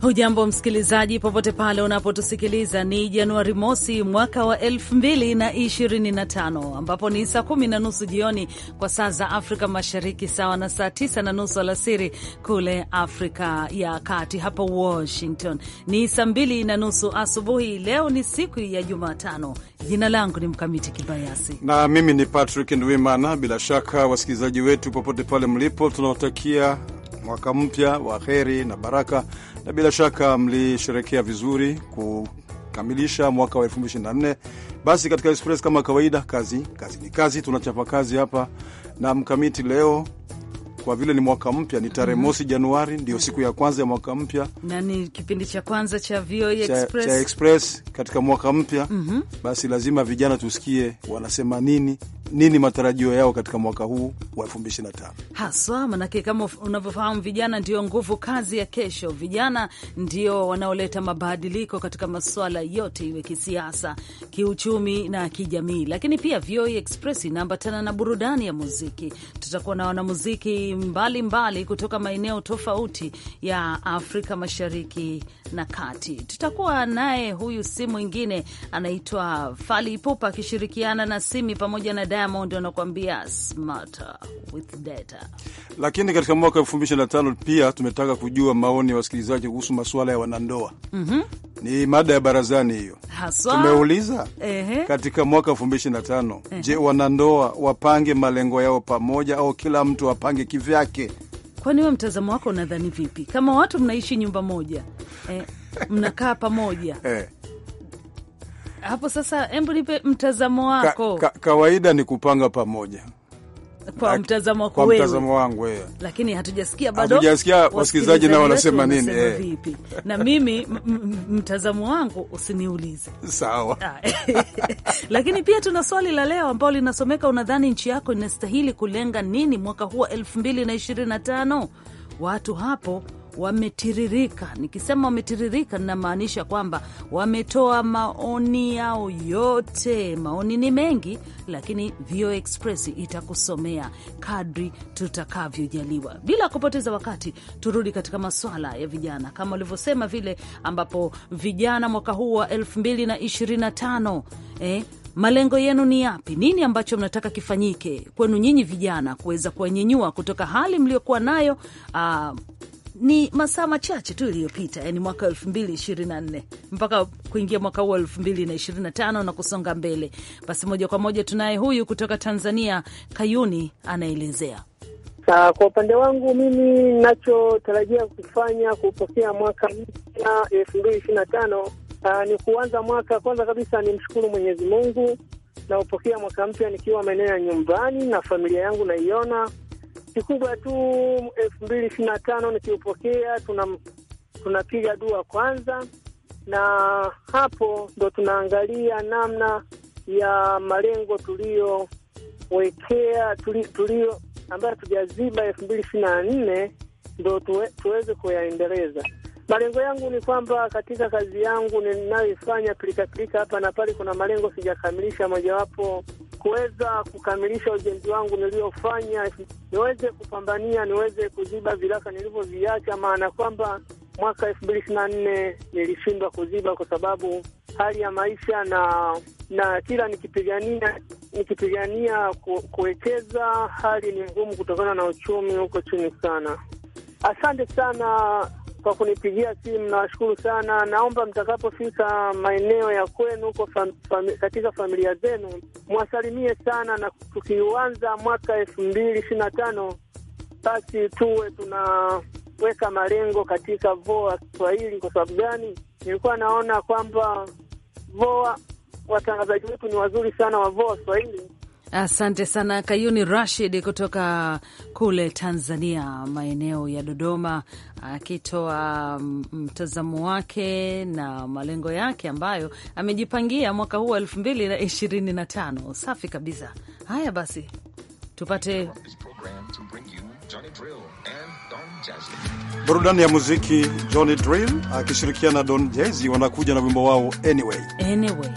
Hujambo msikilizaji, popote pale unapotusikiliza. Ni Januari mosi mwaka wa 2025 ambapo ni saa kumi na nusu jioni kwa saa za Afrika Mashariki, sawa na saa tisa na nusu alasiri kule Afrika ya Kati. Hapa Washington ni saa mbili na nusu asubuhi. Leo ni siku ya Jumatano. Jina langu ni Mkamiti Kibayasi na mimi ni Patrick Ndwimana. Bila shaka wasikilizaji wetu popote pale mlipo, tunawatakia mwaka mpya wa heri na baraka, na bila shaka mlisherekea vizuri kukamilisha mwaka wa 2024. Basi katika Express kama kawaida, kazi kazi ni kazi, tunachapa kazi hapa na mkamiti leo kwa vile ni mwaka mpya, ni tarehe mhm. mosi Januari, ndio mhm. siku ya kwanza ya mwaka mpya na ni kipindi cha kwanza cha VOA e Express, cha Express katika mwaka mpya mm -hmm. Basi lazima vijana tusikie wanasema nini nini matarajio yao katika mwaka huu wa tano haswa, manake kama unavyofahamu, vijana ndio nguvu kazi ya kesho. Vijana ndio wanaoleta mabadiliko katika masuala yote, iwe kisiasa, kiuchumi na kijamii. Lakini pia VOA Express inaambatana na burudani ya muziki. Tutakuwa na wanamuziki mbalimbali kutoka maeneo tofauti ya Afrika Mashariki na Kati. Tutakuwa naye huyu si mwingine, anaitwa Fally akishirikiana na Simi pamoja na Diamond anakuambia smarter with data. Lakini katika mwaka tano pia tumetaka kujua maoni ya wasikilizaji kuhusu masuala ya wanandoa. mm -hmm. Ni mada ya barazani hiyo haswa. Tumeuliza ehe, katika mwaka tano je, wanandoa wapange malengo yao pamoja au kila mtu apange kivyake? Kwani we mtazamo wako unadhani vipi? Kama watu mnaishi nyumba moja eh, mnakaa pamoja eh hapo sasa, hebu nipe mtazamo wako. Ka, ka, kawaida ni kupanga pamoja kwa mtazamo wako kwa mtazamo wangu wewe, lakini hatujasikia bado, hatujasikia wasikilizaji nao wanasema nini eh, vipi? Na mimi mtazamo wangu usiniulize, sawa ah. lakini pia tuna swali la leo ambalo linasomeka, unadhani nchi yako inastahili kulenga nini mwaka huu wa 2025? Watu hapo wametiririka. Nikisema wametiririka, ninamaanisha kwamba wametoa maoni yao yote. Maoni ni mengi, lakini VO Express itakusomea kadri tutakavyojaliwa. Bila kupoteza wakati, turudi katika maswala ya vijana kama ulivyosema vile, ambapo vijana mwaka huu wa 2025 eh, malengo yenu ni yapi? Nini ambacho mnataka kifanyike kwenu nyinyi vijana kuweza kuwanyenyua kutoka hali mliokuwa nayo, uh, ni masaa machache tu iliyopita, yani mwaka na nne mpaka kuingia mwaka huu elfu mbili na kusonga mbele. Basi moja kwa moja tunaye huyu kutoka Tanzania, Kayuni anaelezea. Kwa upande wangu mimi nachotarajia kufanya kupokea mwaka mpya elfu mbili ishirini na tano ah, ni kuanza mwaka, kwanza kabisa ni mshukuru Mwenyezi Mungu na upokea mwaka mpya nikiwa maeneo ya nyumbani na familia yangu naiona kikubwa tu elfu mbili ishirini na tano nikiupokea, tunapiga tuna dua kwanza, na hapo ndo tunaangalia namna ya malengo tuliyowekea tulio ambayo tujaziba elfu mbili ishirini na nne ndo tuwe, tuweze kuyaendeleza. Malengo yangu ni kwamba katika kazi yangu ninayoifanya pilikapilika hapa na pale, kuna malengo sijakamilisha, mojawapo kuweza kukamilisha ujenzi wangu niliofanya, niweze kupambania, niweze kuziba viraka nilivyoviacha, maana kwamba mwaka elfu mbili ishirini na nne nilishindwa kuziba kwa sababu hali ya maisha na na kila nikipigania nikipigania kuwekeza hali ni ngumu kutokana na uchumi huko chini sana. Asante sana kwa kunipigia simu. Nawashukuru sana. Naomba mtakapofika maeneo ya kwenu huko fam, fam, katika familia zenu mwasalimie sana, na tukiuanza mwaka elfu mbili ishirini na tano basi tuwe tunaweka malengo katika VOA Kiswahili. Kwa sababu gani? Nilikuwa naona kwamba VOA watangazaji wetu ni wazuri sana wa VOA Kiswahili Asante sana Kayuni Rashid kutoka kule Tanzania, maeneo ya Dodoma, akitoa mm, mtazamo wake na malengo yake ambayo amejipangia mwaka huu wa elfu mbili na ishirini na tano. Safi kabisa. Haya basi, tupate burudani ya muziki. Johnny Drill akishirikiana na Don Jazzy wanakuja na wimbo wao anyway, anyway.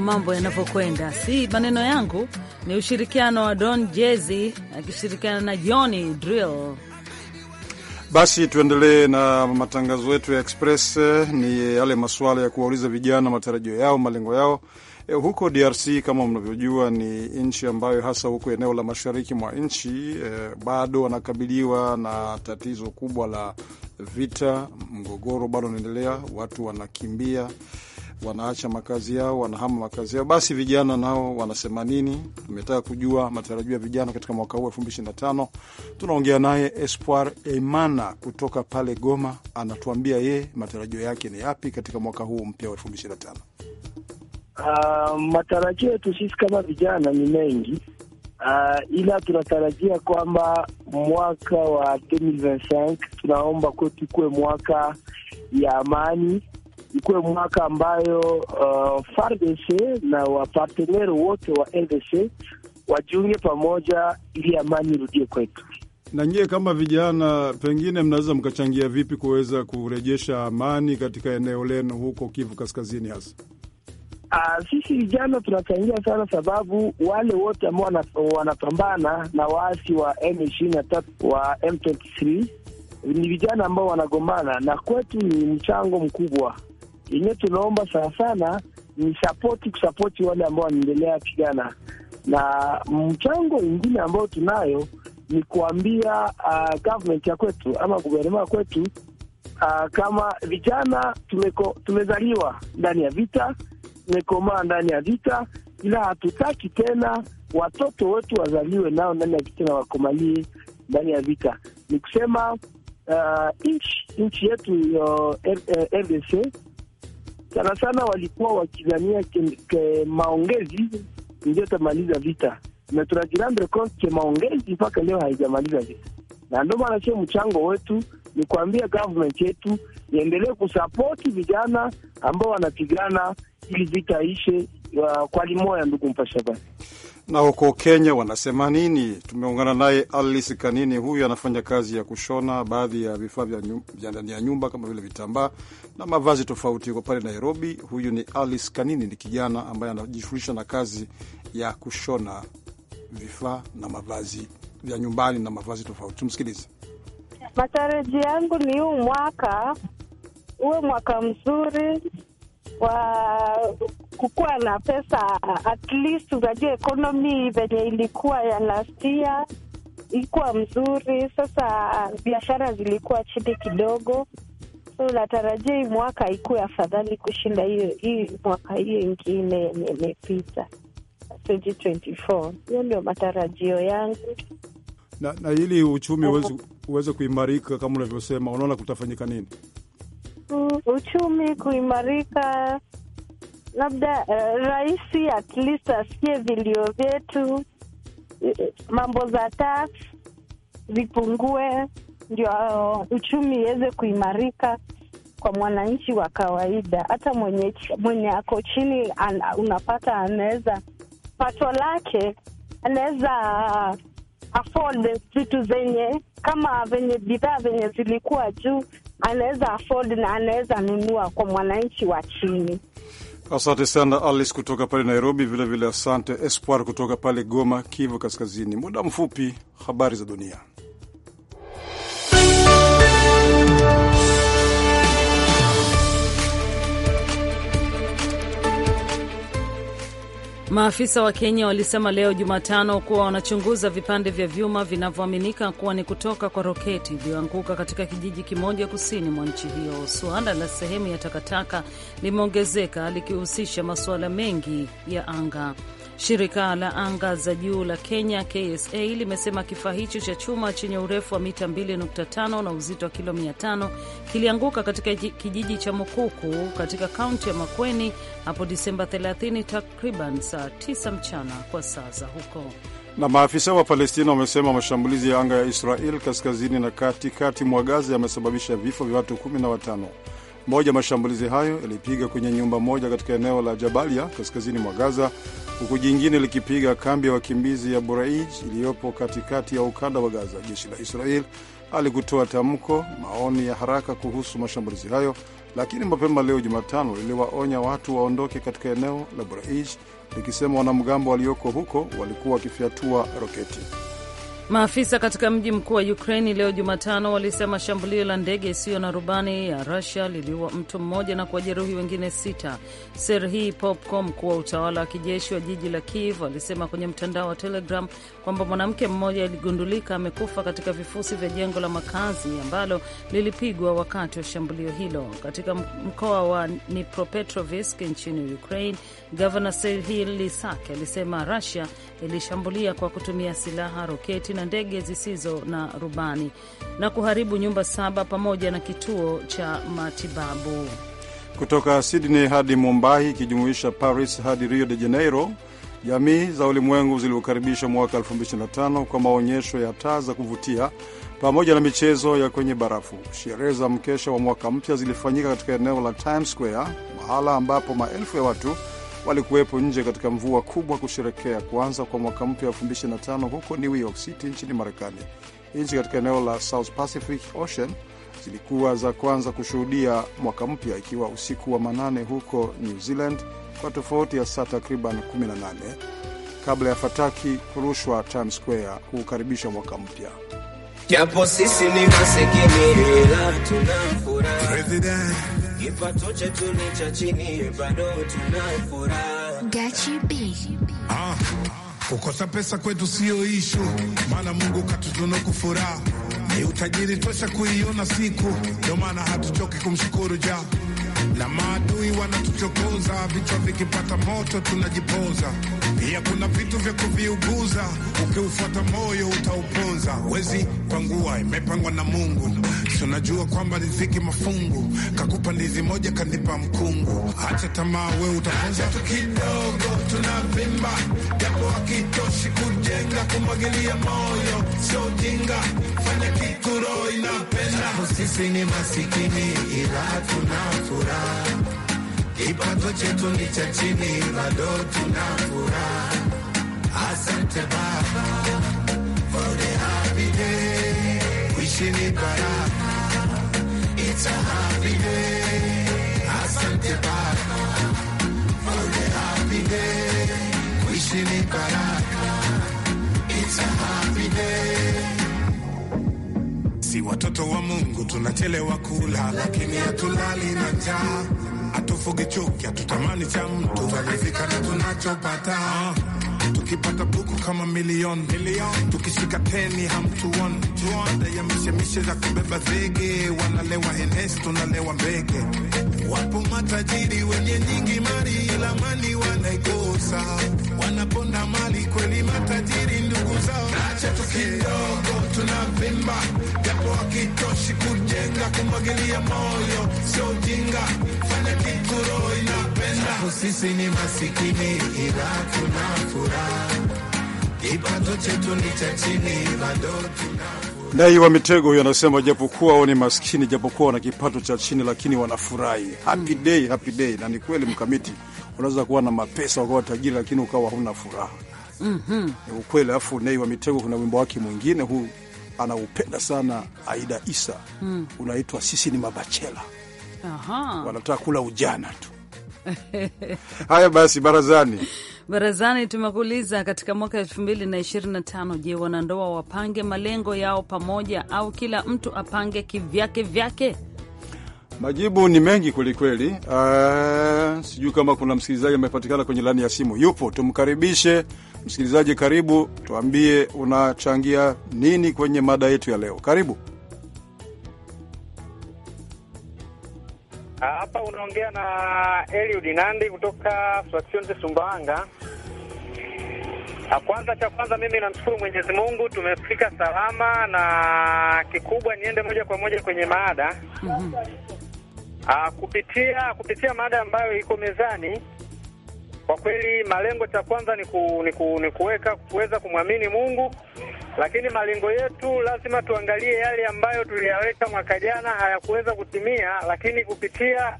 mambo yanavyokwenda, si maneno yangu, ni ushirikiano wa Don Jezi akishirikiana na Johnny Drill. Basi tuendelee na matangazo yetu ya Express. Ni yale masuala ya kuwauliza vijana matarajio yao, malengo yao. E, huko DRC kama mnavyojua ni nchi ambayo hasa huko eneo la mashariki mwa nchi e, bado wanakabiliwa na tatizo kubwa la vita. Mgogoro bado unaendelea, watu wanakimbia wanaacha makazi yao, wanahama makazi yao. Basi vijana nao wanasema nini? Tumetaka kujua matarajio ya vijana katika mwaka huu elfu mbili ishirini na tano. Tunaongea naye Espoir Emana kutoka pale Goma, anatuambia ye matarajio yake ni yapi katika mwaka huu mpya wa elfu mbili ishirini na tano. Uh, matarajio yetu sisi kama vijana ni mengi uh, ila tunatarajia kwamba mwaka wa 2025 tunaomba kwetu kuwe mwaka ya amani ikuwe mwaka ambayo uh, FARDC na waparteneri wote wa RDC wajiunge pamoja ili amani irudie kwetu. Na nyie kama vijana, pengine mnaweza mkachangia vipi kuweza kurejesha amani katika eneo lenu huko Kivu Kaskazini hasa? Uh, sisi vijana tunachangia sana, sababu wale wote ambao wanapambana na waasi wa M23 wa M23 ni vijana ambao wanagombana, na kwetu ni mchango mkubwa yenyewe tunaomba sana sana ni sapoti, kusapoti wale ambao wanaendelea pigana, na mchango wengine ambao tunayo ni kuambia uh, government ya kwetu ama guvernema ya kwetu uh, kama vijana tumeko, tumezaliwa ndani ya vita, tumekomaa ndani ya vita, ila hatutaki tena watoto wetu wazaliwe nao ndani ya vita na wakomalie ndani ya vita. Ni kusema uh, ah, nchi yetu uh, eh, RDC sana sana walikuwa wakizania ke, maongezi ndio tamaliza vita, na tunajirendre ke maongezi mpaka leo haijamaliza vita, na ndio maana sio mchango wetu ni kuambia government yetu iendelee kusapoti vijana ambao wanapigana ili vita ishe. Uh, kwa limoya ndugu mpashabani na huko Kenya wanasema nini? Tumeungana naye Alice Kanini, huyu anafanya kazi ya kushona baadhi ya vifaa vya ndani ya nyumba kama vile vitambaa na mavazi tofauti, yuko pale Nairobi. Huyu ni Alice Kanini, ni kijana ambaye anajishughulisha na kazi ya kushona vifaa na mavazi vya nyumbani na mavazi tofauti. Tumsikilize. Matarajio yangu ni huu mwaka uwe mwaka mzuri wa kukuwa na pesa at least, unajua ekonomi venye ilikuwa ya last year ilikuwa mzuri. Sasa biashara zilikuwa chini kidogo, so natarajia hii mwaka ikuwe afadhali kushinda hiyo hii mwaka hiyo ingine yenye imepita 2024. Hiyo ndio matarajio yangu na, na ili uchumi uweze kuimarika kama unavyosema, unaona kutafanyika nini? uchumi kuimarika, labda uh, rais at least asikie vilio vyetu, eh, mambo za tax zipungue, ndio uh, uchumi iweze kuimarika kwa mwananchi wa kawaida. Hata mwenye mwenye ako chini an, unapata anaweza pato lake anaweza uh, afford vitu zenye kama venye bidhaa venye zilikuwa juu anaweza afford na anaweza nunua kwa mwananchi wa chini. Asante sana Alice kutoka pale Nairobi, vilevile vile asante Espoir kutoka pale Goma, Kivu Kaskazini. Muda mfupi habari za dunia. Maafisa wa Kenya walisema leo Jumatano kuwa wanachunguza vipande vya vyuma vinavyoaminika kuwa ni kutoka kwa roketi iliyoanguka katika kijiji kimoja kusini mwa nchi hiyo. Suala la sehemu ya takataka limeongezeka likihusisha masuala mengi ya anga. Shirika la anga za juu la Kenya KSA limesema kifaa hicho cha chuma chenye urefu wa mita 2.5 na uzito wa kilo 500 kilianguka katika kijiji cha Mukuku katika kaunti ya Makueni hapo Disemba 30 takriban saa 9 mchana kwa saa za huko. Na maafisa wa Palestina wamesema mashambulizi ya anga ya Israel kaskazini na katikati mwa Gaza yamesababisha vifo vya watu 15 moja. Mashambulizi hayo yalipiga kwenye nyumba moja katika eneo la Jabalia kaskazini mwa Gaza, huku jingine likipiga kambi ya wakimbizi ya Buraij iliyopo katikati ya ukanda wa Gaza. Jeshi la Israel alikutoa tamko maoni ya haraka kuhusu mashambulizi hayo, lakini mapema leo Jumatano liliwaonya watu waondoke katika eneo la Buraij likisema wanamgambo walioko huko walikuwa wakifyatua roketi. Maafisa katika mji mkuu wa Ukraini leo Jumatano walisema shambulio la ndege isiyo na rubani ya Rusia liliua mtu mmoja na kuwajeruhi wengine sita. Serhii Popko, mkuu wa utawala wa kijeshi wa jiji la Kiev, alisema kwenye mtandao wa Telegram kwamba mwanamke mmoja aligundulika amekufa katika vifusi vya jengo la makazi ambalo lilipigwa wakati wa shambulio hilo. Katika mkoa wa Nipropetrovisk nchini Ukraine Gavana sehil Lisak alisema rusia ilishambulia kwa kutumia silaha, roketi na ndege zisizo na rubani na kuharibu nyumba saba pamoja na kituo cha matibabu. Kutoka Sydney hadi Mumbai ikijumuisha Paris hadi Rio de Janeiro, jamii za ulimwengu ziliokaribisha mwaka 2025 kwa maonyesho ya taa za kuvutia pamoja na michezo ya kwenye barafu. Sherehe za mkesha wa mwaka mpya zilifanyika katika eneo la Times Square, mahala ambapo maelfu ya watu walikuwepo nje katika mvua kubwa kusherekea kuanza kwa mwaka mpya 2025 huko New York City nchini Marekani. Nchi katika eneo la South Pacific Ocean zilikuwa za kwanza kushuhudia mwaka mpya ikiwa usiku wa manane huko New Zealand kwa tofauti ya saa takriban 18 kabla ya fataki kurushwa Times Square kuukaribisha mwaka mpya. Japo sisi ni masikini ila tuna furaha. Kipato chetu ni cha chini, bado tuna ah, kukosa pesa kwetu siyo ishu, maana Mungu katutunuku furaha ni utajiri tosha kuiona siku, ndio maana hatuchoki kumshukuru ja na maadui wanatuchokoza, vichwa vikipata moto tunajipoza pia kuna vitu vya kuviuguza, ukiufuata moyo utauponza. Wezi pangua imepangwa na Mungu, si unajua kwamba riziki mafungu, kakupa ndizi moja kanipa mkungu. Acha tamaa, we utaponza tu kidogo. Tunavimba japo akitoshi kujenga, kumwagilia moyo sio jinga, fanya kituro inapenda. Sisi ni masikini ila tuna furaha Kipato chetu ni cha chini, bado tuna furaha. Asante Baba for the happy day, wishi ni baraka, it's a happy day. Asante Baba for the happy day, wishi ni baraka, it's a happy day. Si watoto wa Mungu tunachelewa kula, lakini hatulali na njaa hatufugi chuki, hatutamani cha mtu, tutalizika na tunachopata tukipata kama milioni million. tukishika peni hamtuoni, ya mishemishe za kubeba zege, wanalewa Henesi, tunalewa mbege. Wapo matajiri wenye nyingi mali, ila mali wanaikosa, wanaponda mali kweli. Matajiri ndugu zao na chetu kidogo tunavimba, japo wakitoshi kujenga, kumwagilia moyo sio jinga, fanya kitu inapenda. Sisi ni masikini ila tuna furaha kipato chetu ni cha chini bado tuna Nay wa Mitego huyo anasema japokuwa wao ni maskini, japokuwa wana kipato cha chini, lakini wanafurahi. Happy mm. day, happy day. Na ni kweli mkamiti, unaweza kuwa na mapesa ukawa tajiri, lakini ukawa huna furaha. mm -hmm. ukweli. Alafu Nei wa Mitego kuna wimbo wake mwingine huu anaupenda sana, Aida Isa. mm. Unaitwa sisi ni mabachela. Aha. Wanataka kula ujana tu. Haya basi, barazani Barazani tumekuuliza katika mwaka elfu mbili na ishirini na tano, je, wanandoa wapange malengo yao pamoja au kila mtu apange kivyake vyake? Majibu ni mengi kwelikweli. Uh, sijui kama kuna msikilizaji amepatikana kwenye laini ya simu. Yupo, tumkaribishe msikilizaji. Karibu, tuambie unachangia nini kwenye mada yetu ya leo. Karibu. Hapa unaongea na Eliud Nandi kutoka Fraksionte Sumbawanga. Kwanza cha kwanza mimi namshukuru Mwenyezi Mungu tumefika salama, na kikubwa niende moja kwa moja kwenye maada. mm -hmm. Aa, ah, kupitia kupitia maada ambayo iko mezani kwa kweli malengo, cha kwanza ni, ku, ni, ku, ni kuweka kuweza kumwamini Mungu, lakini malengo yetu lazima tuangalie yale ambayo tuliyaweka mwaka jana hayakuweza kutimia, lakini kupitia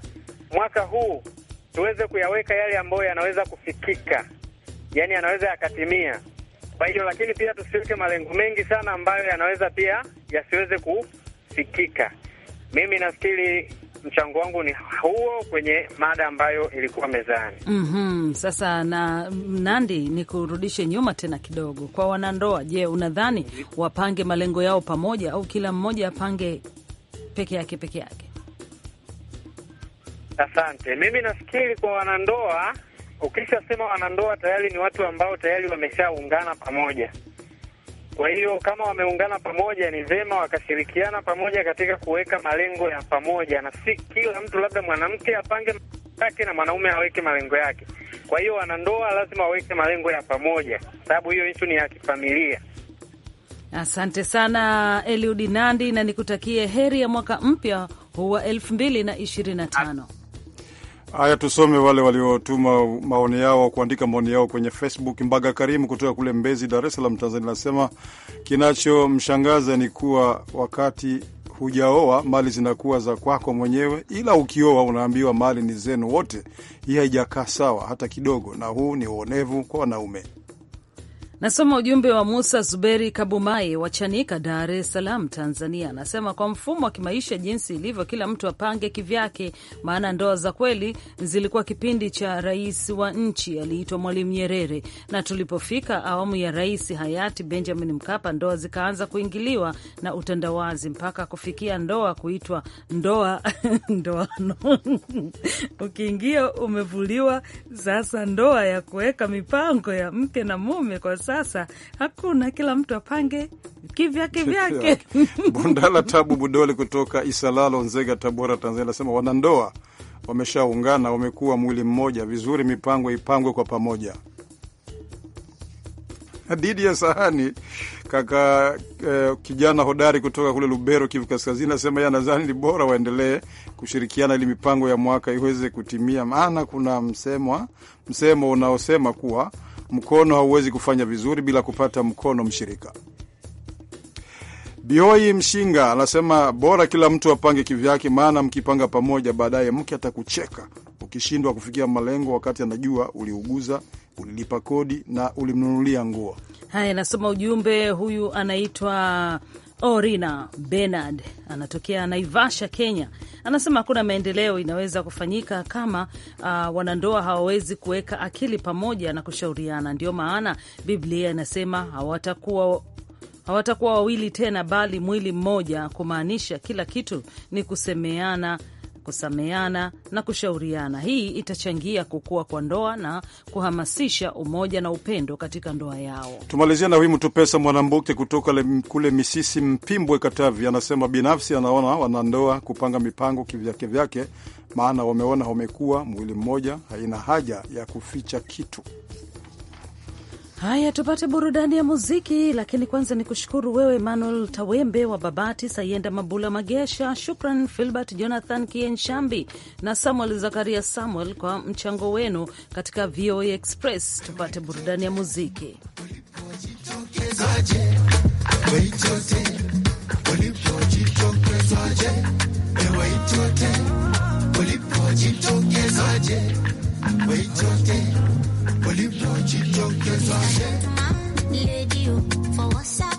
mwaka huu tuweze kuyaweka yale ambayo yanaweza kufikika, yani yanaweza yakatimia. Kwa hiyo, lakini pia tusiweke malengo mengi sana ambayo yanaweza pia yasiweze kufikika. Mimi nafikiri mchango wangu ni huo kwenye mada ambayo ilikuwa mezani. mm -hmm. Sasa na Nandi, ni kurudishe nyuma tena kidogo kwa wanandoa. Je, unadhani wapange malengo yao pamoja au kila mmoja apange peke yake peke yake? Asante. Mimi nafikiri kwa wanandoa, ukishasema wanandoa tayari ni watu ambao tayari wameshaungana pamoja kwa hiyo kama wameungana pamoja, ni vema wakashirikiana pamoja katika kuweka malengo ya pamoja, na si kila mtu labda mwanamke apange yake na mwanaume aweke malengo yake. Kwa hiyo wanandoa lazima waweke malengo ya pamoja, sababu hiyo ishu ni ya kifamilia. Asante sana Eliudi Nandi, na nikutakie heri ya mwaka mpya wa elfu mbili na ishirini na tano. Haya, tusome wale waliotuma maoni yao, kuandika maoni yao kwenye Facebook. Mbaga Karimu kutoka kule Mbezi, Dar es Salaam, Tanzania, anasema kinachomshangaza ni kuwa wakati hujaoa mali zinakuwa za kwako mwenyewe, ila ukioa unaambiwa mali ni zenu wote. Hii haijakaa sawa hata kidogo, na huu ni uonevu kwa wanaume. Nasoma ujumbe wa Musa Zuberi Kabumai wa Chanika, Dar es Salaam, Tanzania. Anasema kwa mfumo wa kimaisha jinsi ilivyo, kila mtu apange kivyake, maana ndoa za kweli zilikuwa kipindi cha rais wa nchi aliitwa Mwalimu Nyerere, na tulipofika awamu ya rais hayati Benjamin Mkapa, ndoa zikaanza kuingiliwa na utandawazi mpaka kufikia ndoa kuitwa ndoa ndoano ukiingia umevuliwa. Sasa ndoa ya kuweka mipango ya mke na mume kwa sasa hakuna, kila mtu apange kivyake vyake. Bundala Tabu Budole kutoka Isalalo, Nzega, Tabora, Tanzania anasema wanandoa wameshaungana, wamekuwa mwili mmoja. Vizuri, mipango ipangwe kwa pamoja. Didi ya sahani kaka eh, kijana hodari kutoka kule Lubero, Kivu Kaskazini, anasema yeye nadhani ni bora waendelee kushirikiana ili mipango ya mwaka iweze kutimia, maana kuna msemwa msemo unaosema kuwa Mkono hauwezi kufanya vizuri bila kupata mkono mshirika. Bioi Mshinga anasema bora kila mtu apange kivyake, maana mkipanga pamoja, baadaye mke atakucheka ukishindwa kufikia malengo, wakati anajua uliuguza, ulilipa kodi na ulimnunulia nguo. Haya, anasema ujumbe huyu, anaitwa Orina Benard anatokea Naivasha, Kenya, anasema hakuna maendeleo inaweza kufanyika kama uh, wanandoa hawawezi kuweka akili pamoja na kushauriana. ndio maana Biblia inasema hawatakuwa hawatakuwa wawili tena, bali mwili mmoja, kumaanisha kila kitu ni kusemeana kusameana na kushauriana. Hii itachangia kukua kwa ndoa na kuhamasisha umoja na upendo katika ndoa yao. Tumalizia na Wimu Tupesa Mwanambuke kutoka le, kule Misisi Mpimbwe, Katavi, anasema binafsi anaona wanandoa kupanga mipango kivyake vyake, maana wameona wamekuwa mwili mmoja, haina haja ya kuficha kitu. Haya, tupate burudani ya muziki, lakini kwanza ni kushukuru wewe emanuel Tawembe wa Babati, Sayenda Mabula Magesha, shukran Filbert Jonathan Kienshambi na Samuel Zakaria Samuel kwa mchango wenu katika VOA Express. Tupate burudani ya muziki Chick, yo, yes, I am. I'm lady, oh, for what's up?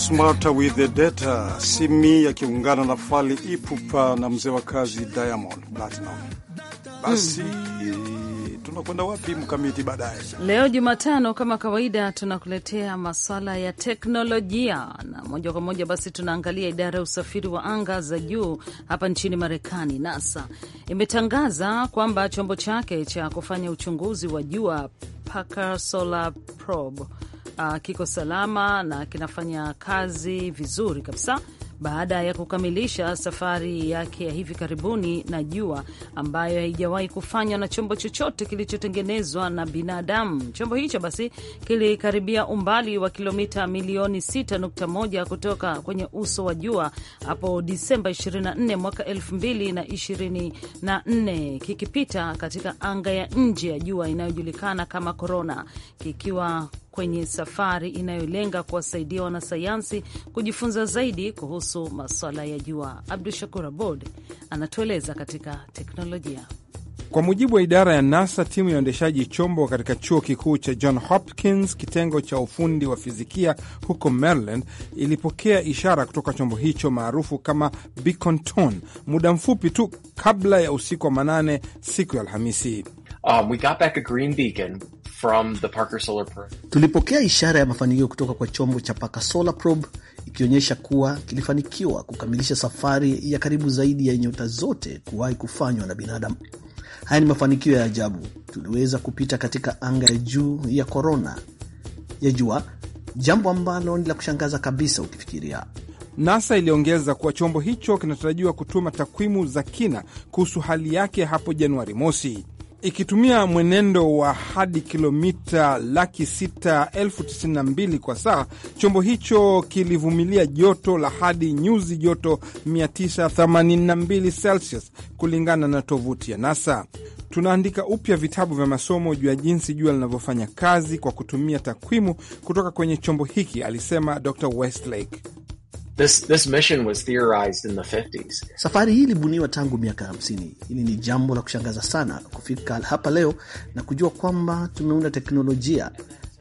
Smarter with the Data, Simi yakiungana na fali Ipupa na mzee wa kazi Diamond Platinum. Basi hmm. tunakwenda wapi mkamiti baadaye? Leo Jumatano, kama kawaida, tunakuletea maswala ya teknolojia na moja kwa moja. Basi tunaangalia idara ya usafiri wa anga za juu hapa nchini Marekani, NASA imetangaza kwamba chombo chake cha kufanya uchunguzi wa jua Parker Solar Probe uh, kiko salama na kinafanya kazi vizuri kabisa baada ya kukamilisha safari yake ya hivi karibuni na jua ambayo haijawahi kufanywa na chombo chochote kilichotengenezwa na binadamu. Chombo hicho basi kilikaribia umbali wa kilomita milioni 6.1 kutoka kwenye uso wa jua hapo Disemba 24 mwaka 2024, kikipita katika anga ya nje ya jua inayojulikana kama korona, kikiwa kwenye safari inayolenga kuwasaidia wanasayansi kujifunza zaidi kuhusu maswala ya jua. Abdu Shakur Abod anatueleza katika teknolojia. Kwa mujibu wa idara ya NASA, timu ya uendeshaji chombo katika chuo kikuu cha John Hopkins, kitengo cha ufundi wa fizikia huko Maryland, ilipokea ishara kutoka chombo hicho maarufu kama Beacon Tone muda mfupi tu kabla ya usiku wa manane siku ya Alhamisi. Um, we got back a green beacon from the Parker Solar Probe. Tulipokea ishara ya mafanikio kutoka kwa chombo cha Parker Solar Probe ikionyesha kuwa kilifanikiwa kukamilisha safari ya karibu zaidi ya nyota zote kuwahi kufanywa na binadamu. Haya ni mafanikio ya ajabu. Tuliweza kupita katika anga ya juu ya korona ya jua, jambo ambalo ni la kushangaza kabisa ukifikiria. NASA iliongeza kuwa chombo hicho kinatarajiwa kutuma takwimu za kina kuhusu hali yake hapo Januari mosi ikitumia mwenendo wa hadi kilomita laki sita elfu tisini na mbili kwa saa. Chombo hicho kilivumilia joto la hadi nyuzi joto 982 Celsius kulingana na tovuti ya NASA. Tunaandika upya vitabu vya masomo juu ya jinsi jua linavyofanya kazi kwa kutumia takwimu kutoka kwenye chombo hiki, alisema Dr Westlake. This, this mission was theorized in the 50s. Safari hii ilibuniwa tangu miaka 50. Hili ni jambo la kushangaza sana kufika hapa leo na kujua kwamba tumeunda teknolojia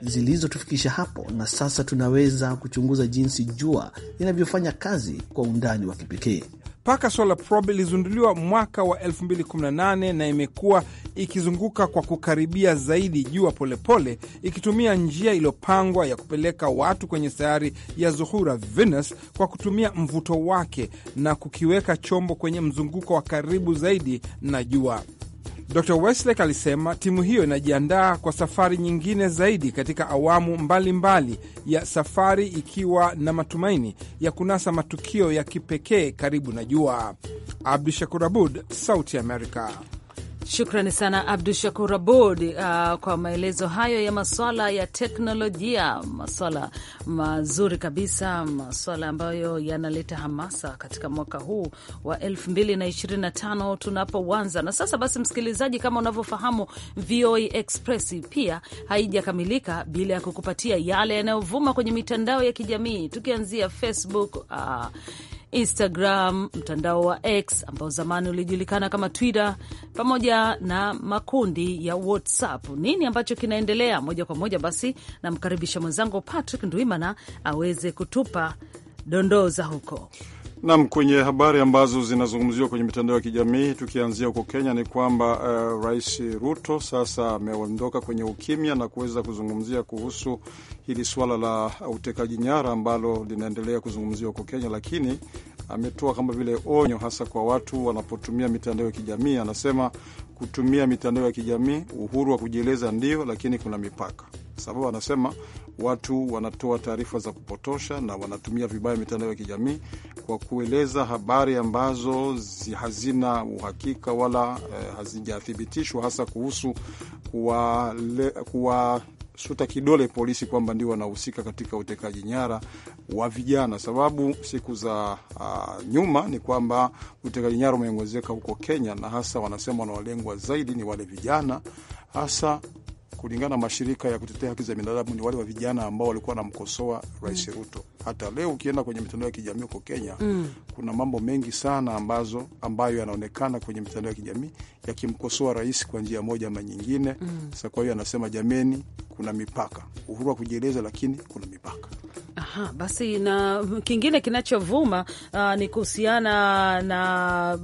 zilizotufikisha hapo na sasa tunaweza kuchunguza jinsi jua linavyofanya kazi kwa undani wa kipekee mpaka Solar Probe ilizunduliwa mwaka wa 2018 na imekuwa ikizunguka kwa kukaribia zaidi jua polepole, ikitumia njia iliyopangwa ya kupeleka watu kwenye sayari ya Zuhura, Venus, kwa kutumia mvuto wake na kukiweka chombo kwenye mzunguko wa karibu zaidi na jua. Dr Westlake alisema timu hiyo inajiandaa kwa safari nyingine zaidi katika awamu mbalimbali mbali ya safari ikiwa na matumaini ya kunasa matukio ya kipekee karibu na jua. Abdu Shakur Abud, Sauti Amerika. Shukrani sana Abdu Shakur Abud uh, kwa maelezo hayo ya maswala ya teknolojia, maswala mazuri kabisa, maswala ambayo yanaleta hamasa katika mwaka huu wa 2025 tunapoanza. Na sasa basi, msikilizaji, kama unavyofahamu, VOA e Express pia haijakamilika bila ya kukupatia yale yanayovuma kwenye mitandao ya kijamii, tukianzia Facebook uh, Instagram, mtandao wa X ambao zamani ulijulikana kama Twitter, pamoja na makundi ya WhatsApp. Nini ambacho kinaendelea moja kwa moja? Basi namkaribisha mwenzangu Patrick Ndwimana aweze kutupa dondoo za huko. Nam, kwenye habari ambazo zinazungumziwa kwenye mitandao ya kijamii tukianzia huko Kenya ni kwamba uh, Rais Ruto sasa ameondoka kwenye ukimya na kuweza kuzungumzia kuhusu hili suala la utekaji nyara ambalo linaendelea kuzungumziwa huko Kenya, lakini ametoa kama vile onyo, hasa kwa watu wanapotumia mitandao ya kijamii. Anasema kutumia mitandao ya kijamii, uhuru wa kujieleza ndio, lakini kuna mipaka sababu anasema watu wanatoa taarifa za kupotosha na wanatumia vibaya mitandao ya kijamii kwa kueleza habari ambazo hazina uhakika wala eh, hazijathibitishwa hasa kuhusu kuwasuta kuwa kidole polisi kwamba ndio wanahusika katika utekaji nyara wa vijana, sababu siku za uh, nyuma ni kwamba utekaji nyara umeongezeka huko Kenya, na hasa wanasema wanaolengwa zaidi ni wale vijana hasa kulingana na mashirika ya kutetea haki za binadamu, ni wale wa vijana ambao walikuwa wanamkosoa Rais mm. Ruto. Hata leo ukienda kwenye mitandao ya kijamii huko Kenya mm. kuna mambo mengi sana ambazo ambayo yanaonekana kwenye mitandao ya kijamii yakimkosoa rais kwa njia moja ama nyingine mm. Sasa kwa hiyo anasema jameni, kuna mipaka, uhuru wa kujieleza, lakini kuna mipaka. Aha, basi na kingine kinachovuma uh, ni kuhusiana na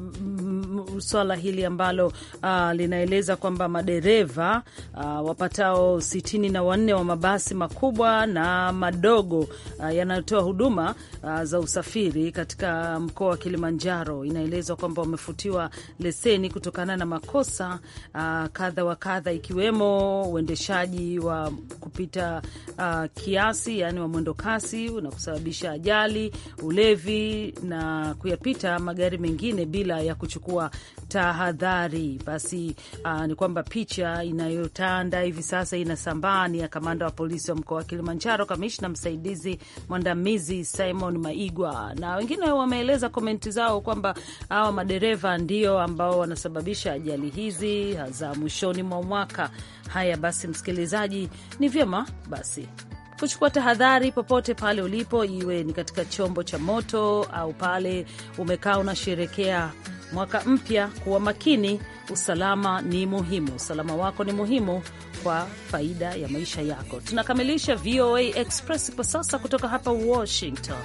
swala hili ambalo uh, linaeleza kwamba madereva uh, wapatao sitini na wanne wa mabasi makubwa na madogo uh, yanayotoa huduma uh, za usafiri katika mkoa wa Kilimanjaro, inaelezwa kwamba wamefutiwa leseni kutokana na makosa uh, kadha wa kadha, ikiwemo uendeshaji wa kupita uh, kiasi, yani wa mwendo kasi na kusababisha ajali, ulevi na kuyapita magari mengine bila ya kuchukua tahadhari basi, uh, ni kwamba picha inayotanda hivi sasa inasambaa ni ya kamanda wa polisi wa mkoa wa Kilimanjaro, kamishna msaidizi mwandamizi Simon Maigwa, na wengine wameeleza komenti zao kwamba hawa madereva ndio ambao wanasababisha ajali hizi za mwishoni mwa mwaka. Haya basi, msikilizaji, ni vyema basi kuchukua tahadhari popote pale ulipo, iwe ni katika chombo cha moto au pale umekaa unasherekea mwaka mpya kuwa makini. Usalama ni muhimu, usalama wako ni muhimu kwa faida ya maisha yako. Tunakamilisha VOA Express kwa sasa kutoka hapa Washington.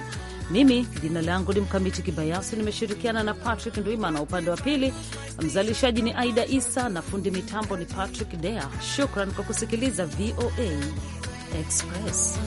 Mimi jina langu ni Mkamiti Kibayasi, nimeshirikiana na Patrick Ndwimana upande wa pili, mzalishaji ni Aida Isa na fundi mitambo ni Patrick Dea. Shukran kwa kusikiliza VOA Express.